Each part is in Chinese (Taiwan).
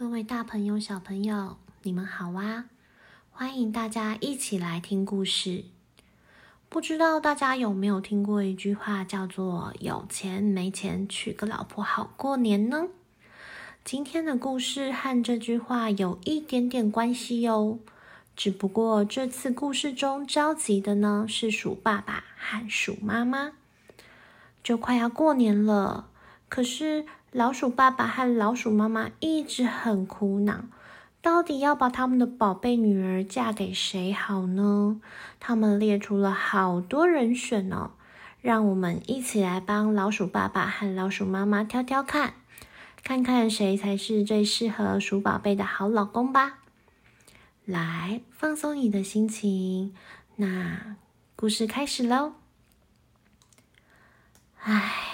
各位大朋友、小朋友，你們好啊！歡迎大家一起來聽故事。不知道大家有沒有聽過一句話，叫做“有錢沒錢，娶個老婆好過年”呢？今天的故事和這句話有一點點關係喲。只不過這次故事中着急的呢，是鼠爸爸和鼠媽媽，就快要過年了，可是……老鼠爸爸和老鼠媽媽一直很苦惱，到底要把他們的寶貝女兒嫁給誰好呢？他們列出了好多人選哦，讓我們一起來幫老鼠爸爸和老鼠媽媽挑挑看，看看誰才是最適合鼠寶貝的好老公吧。來，放鬆你的心情，那故事開始嘍。哎。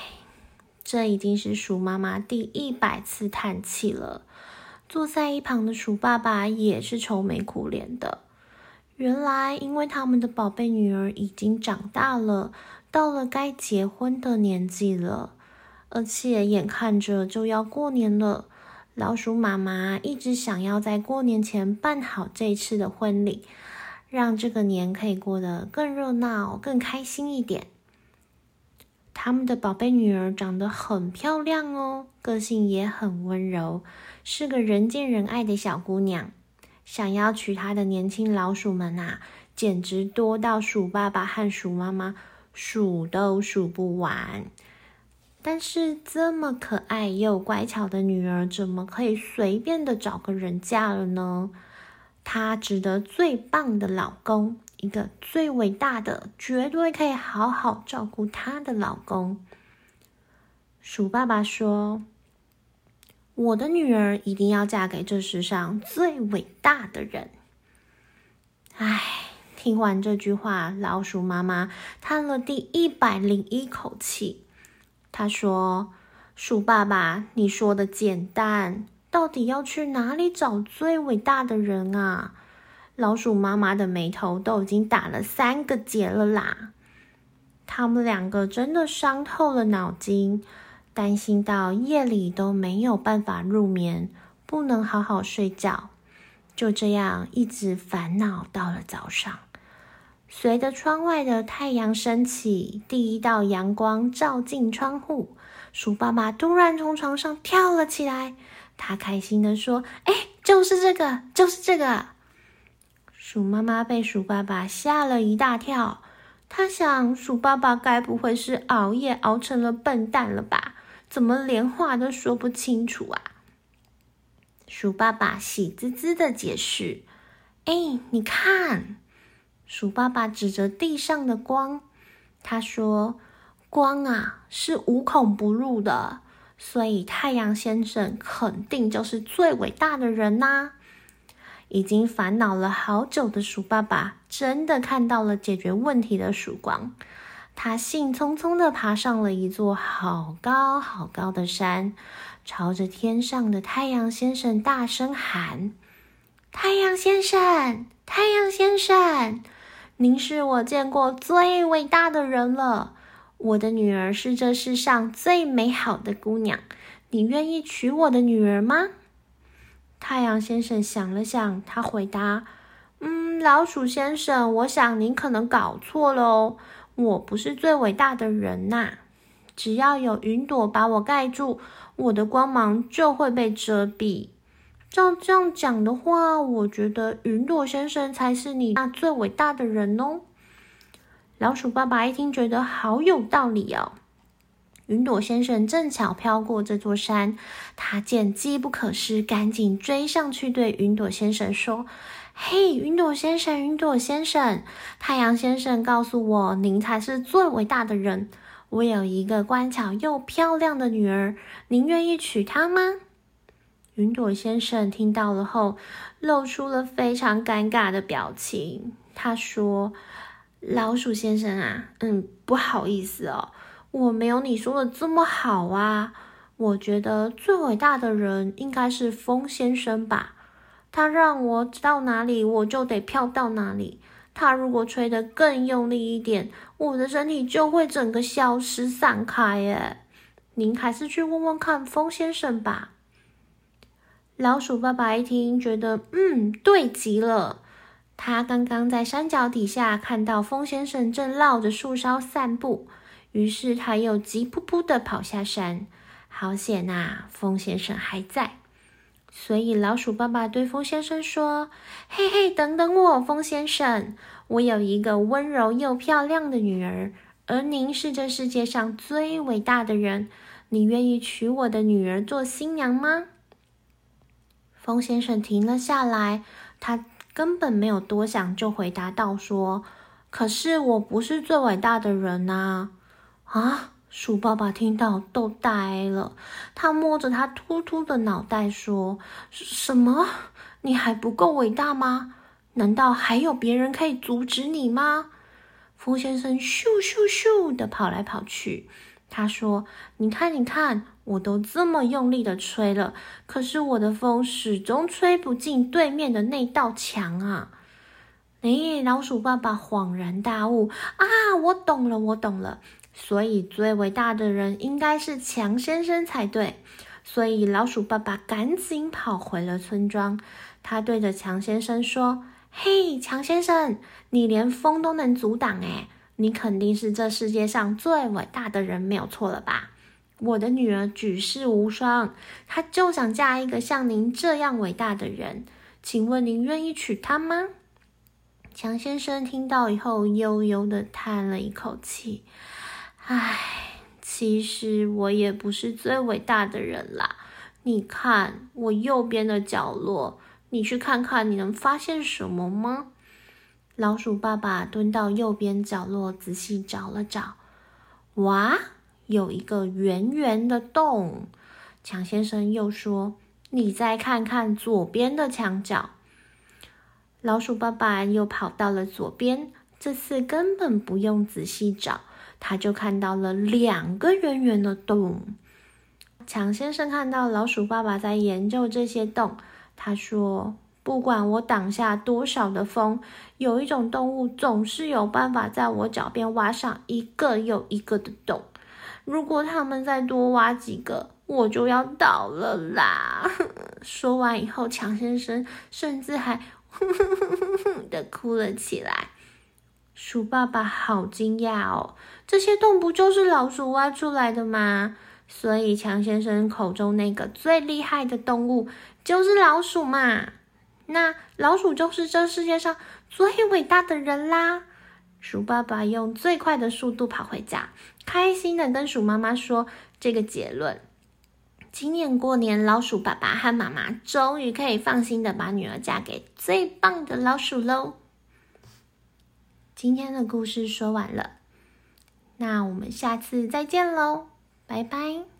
這已經是鼠媽媽第一百次嘆氣了。坐在一旁的鼠爸爸也是愁眉苦臉的。原來，因為他們的寶貝女兒已經長大了，到了該結婚的年紀了，而且眼看着就要過年了，老鼠媽媽一直想要在過年前辦好這次的婚禮，讓這個年可以過得更熱鬧、更開心一點。他們的寶貝女兒長得很漂亮哦，個性也很溫柔，是個人見人愛的小姑娘。想要娶她的年輕老鼠們啊，簡直多到鼠爸爸和鼠媽媽數都數不完。但是這麼可愛又乖巧的女兒，怎麼可以隨便的找個人嫁了呢？她值得最棒的老公。一個最偉大的，絕對可以好好照顧她的老公。鼠爸爸說：“我的女兒一定要嫁給這世上最偉大的人。”唉，聽完這句話，老鼠媽媽嘆了第一百零一口氣，她說：“鼠爸爸，你說的簡單，到底要去哪裡找最偉大的人啊？”老鼠媽媽的眉頭都已經打了三個結了啦！他們兩個真的傷透了腦筋，擔心到夜裡都沒有辦法入眠，不能好好睡覺，就這樣一直煩惱到了早上。隨着窗外的太陽升起，第一道陽光照進窗戶，鼠爸爸突然從床上跳了起來，他開心地說：“哎，就是這個，就是這個。”鼠媽媽被鼠爸爸嚇了一大跳，她想：鼠爸爸該不會是熬夜熬成了笨蛋了吧？怎麼連話都說不清楚啊？鼠爸爸喜滋滋的解釋：“哎，你看，鼠爸爸指着地上的光，他說：光啊是無孔不入的，所以太陽先生肯定就是最偉大的人吶、啊。”已經煩惱了好久的鼠爸爸，真的看到了解決問題的曙光。他興沖沖地爬上了一座好高好高的山，朝着天上的太陽先生大聲喊：“太陽先生，太陽先生，您是我見過最偉大的人了。我的女兒是這世上最美好的姑娘，你願意娶我的女兒嗎？”太陽先生想了想，他回答：“嗯，老鼠先生，我想您可能搞錯了哦。我不是最偉大的人吶、啊，只要有雲朵把我蓋住，我的光芒就會被遮蔽。照這樣講的話，我覺得雲朵先生才是你那最偉大的人哦。”老鼠爸爸一聽，覺得好有道理啊、哦。雲朵先生正巧飄過這座山，他見機不可失，趕緊追上去對雲朵先生說：“嘿，雲朵先生，雲朵先生，太陽先生告訴我，您才是最偉大的人。我有一個乖巧又漂亮的女兒，您願意娶她嗎？”雲朵先生聽到了後，露出了非常尷尬的表情。他說：“老鼠先生啊，嗯，不好意思哦。”我沒有你說的這麼好啊！我覺得最偉大的人應該是風先生吧？他讓我到哪裡，我就得飄到哪裡。他如果吹得更用力一點，我的身體就會整個消失散開耶。誒，您還是去問問看風先生吧。老鼠爸爸一聽，覺得嗯，對極了。他剛剛在山腳底下看到風先生正繞着樹梢散步。於是他又急撲撲地跑下山，好險啊！風先生還在，所以老鼠爸爸對風先生說：“嘿嘿，等等我，風先生，我有一個溫柔又漂亮的女兒，而您是這世界上最偉大的人，你願意娶我的女兒做新娘嗎？”風先生停了下來，他根本沒有多想，就回答道：“說，可是我不是最偉大的人吶、啊。”啊！鼠爸爸聽到，都呆了。他摸着他禿禿的腦袋說：“什麼？你還不夠偉大嗎？難道還有別人可以阻止你嗎？”風先生咻咻咻的跑來跑去。他說：“你看，你看，我都這麼用力的吹了，可是我的風始終吹不進對面的那道牆啊！”誒、哎，老鼠爸爸恍然大悟：“啊，我懂了，我懂了。”所以，最偉大的人應該是牆先生才對。所以，老鼠爸爸趕緊跑回了村莊。他對着牆先生說：“嘿，牆先生，你連風都能阻擋，哎，你肯定是這世界上最偉大的人，沒有錯了吧？我的女兒舉世無雙，她就想嫁一個像您這樣偉大的人。請問您願意娶她嗎？”牆先生聽到以後，悠悠地嘆了一口氣。唉，其實我也不是最偉大的人啦。你看我右邊的角落，你去看看，你能發現什麼嗎？老鼠爸爸蹲到右邊角落，仔細找了找。哇，有一個圓圓的洞。牆先生又說：“你再看看左邊的牆角。”老鼠爸爸又跑到了左邊，這次根本不用仔細找。他就看到了兩個圓圓的洞。強先生看到老鼠爸爸在研究這些洞，他說：“不管我擋下多少的風，有一種動物總是有辦法在我腳邊挖上一個又一個的洞。如果他們再多挖幾個，我就要倒了啦呵呵！”說完以後，強先生甚至還“哼哼哼哼”的哭了起來。鼠爸爸好驚訝哦，這些洞不就是老鼠挖出來的嗎？所以牆先生口中那個最厲害的動物就是老鼠嘛。那老鼠就是這世界上最偉大的人啦！鼠爸爸用最快的速度跑回家，開心地跟鼠媽媽說這個結論。今年過年，老鼠爸爸和媽媽終於可以放心地把女兒嫁給最棒的老鼠嘍。今天的故事說完了，那我們下次再見嘍，拜拜。